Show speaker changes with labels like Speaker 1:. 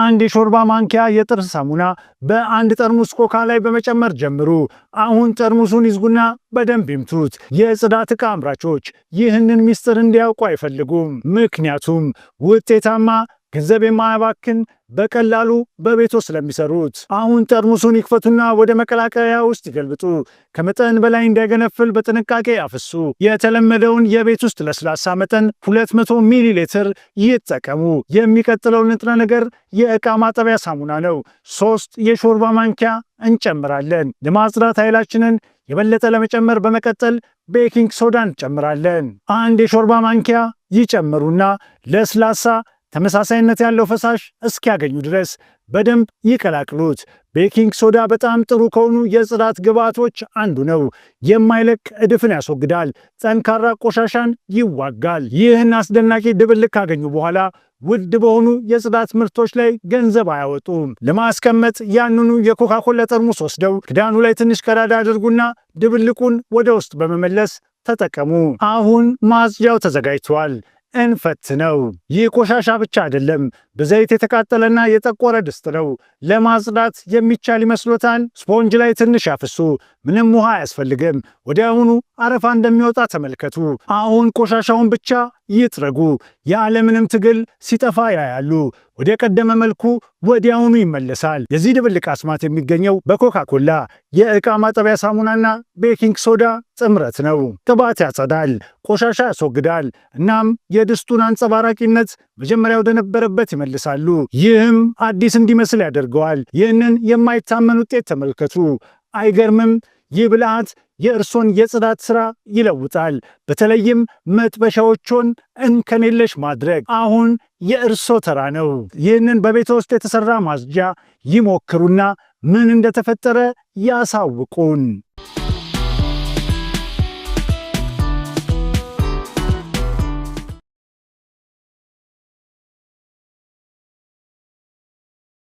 Speaker 1: አንድ የሾርባ ማንኪያ የጥርስ ሳሙና በአንድ ጠርሙስ ኮካ ላይ በመጨመር ጀምሩ። አሁን ጠርሙሱን ይዝጉና በደንብ ይምቱት። የጽዳት ዕቃ አምራቾች ይህንን ምስጢር እንዲያውቁ አይፈልጉም፣ ምክንያቱም ውጤታማ ገንዘብ የማያባክን በቀላሉ በቤቶ ስለሚሰሩት አሁን ጠርሙሱን ይክፈቱና ወደ መቀላቀያ ውስጥ ይገልብጡ። ከመጠን በላይ እንዳይገነፍል በጥንቃቄ አፍሱ። የተለመደውን የቤት ውስጥ ለስላሳ መጠን 200 ሚሊ ሊትር ይጠቀሙ። የሚቀጥለው ንጥረ ነገር የእቃ ማጠቢያ ሳሙና ነው። ሶስት የሾርባ ማንኪያ እንጨምራለን። ለማጽዳት ኃይላችንን የበለጠ ለመጨመር በመቀጠል ቤኪንግ ሶዳ እንጨምራለን። አንድ የሾርባ ማንኪያ ይጨምሩና ለስላሳ ተመሳሳይነት ያለው ፈሳሽ እስኪያገኙ ድረስ በደንብ ይቀላቅሉት። ቤኪንግ ሶዳ በጣም ጥሩ ከሆኑ የጽዳት ግብዓቶች አንዱ ነው። የማይለቅ እድፍን ያስወግዳል፣ ጠንካራ ቆሻሻን ይዋጋል። ይህን አስደናቂ ድብልቅ ካገኙ በኋላ ውድ በሆኑ የጽዳት ምርቶች ላይ ገንዘብ አያወጡም። ለማስቀመጥ ያንኑ የኮካኮላ ጠርሙስ ወስደው ክዳኑ ላይ ትንሽ ቀዳዳ አድርጉና ድብልቁን ወደ ውስጥ በመመለስ ተጠቀሙ። አሁን ማጽጃው ተዘጋጅቷል። እንፈትነው። ይህ ቆሻሻ ብቻ አይደለም በዘይት የተቃጠለና የጠቆረ ድስት ነው። ለማጽዳት የሚቻል ይመስሎታል? ስፖንጅ ላይ ትንሽ አፍሱ። ምንም ውሃ አያስፈልግም። ወዲያውኑ አረፋ እንደሚወጣ ተመልከቱ። አሁን ቆሻሻውን ብቻ ይጥረጉ። ያለምንም ትግል ሲጠፋ ያያሉ። ወደ ቀደመ መልኩ ወዲያውኑ ይመለሳል። የዚህ ድብልቅ አስማት የሚገኘው በኮካኮላ የዕቃ ማጠቢያ ሳሙናና ቤኪንግ ሶዳ ጥምረት ነው። ቅባት ያጸዳል፣ ቆሻሻ ያስወግዳል፣ እናም የድስቱን አንጸባራቂነት መጀመሪያ ወደነበረበት ይመለሳል። ይመልሳሉ። ይህም አዲስ እንዲመስል ያደርገዋል። ይህንን የማይታመን ውጤት ተመልከቱ። አይገርምም? ይህ ብልሃት የእርሶን የጽዳት ሥራ ይለውጣል። በተለይም መጥበሻዎቹን እንከን የለሽ ማድረግ አሁን የእርሶ ተራ ነው። ይህንን በቤት ውስጥ የተሠራ ማጽጃ ይሞክሩና ምን እንደተፈጠረ ያሳውቁን።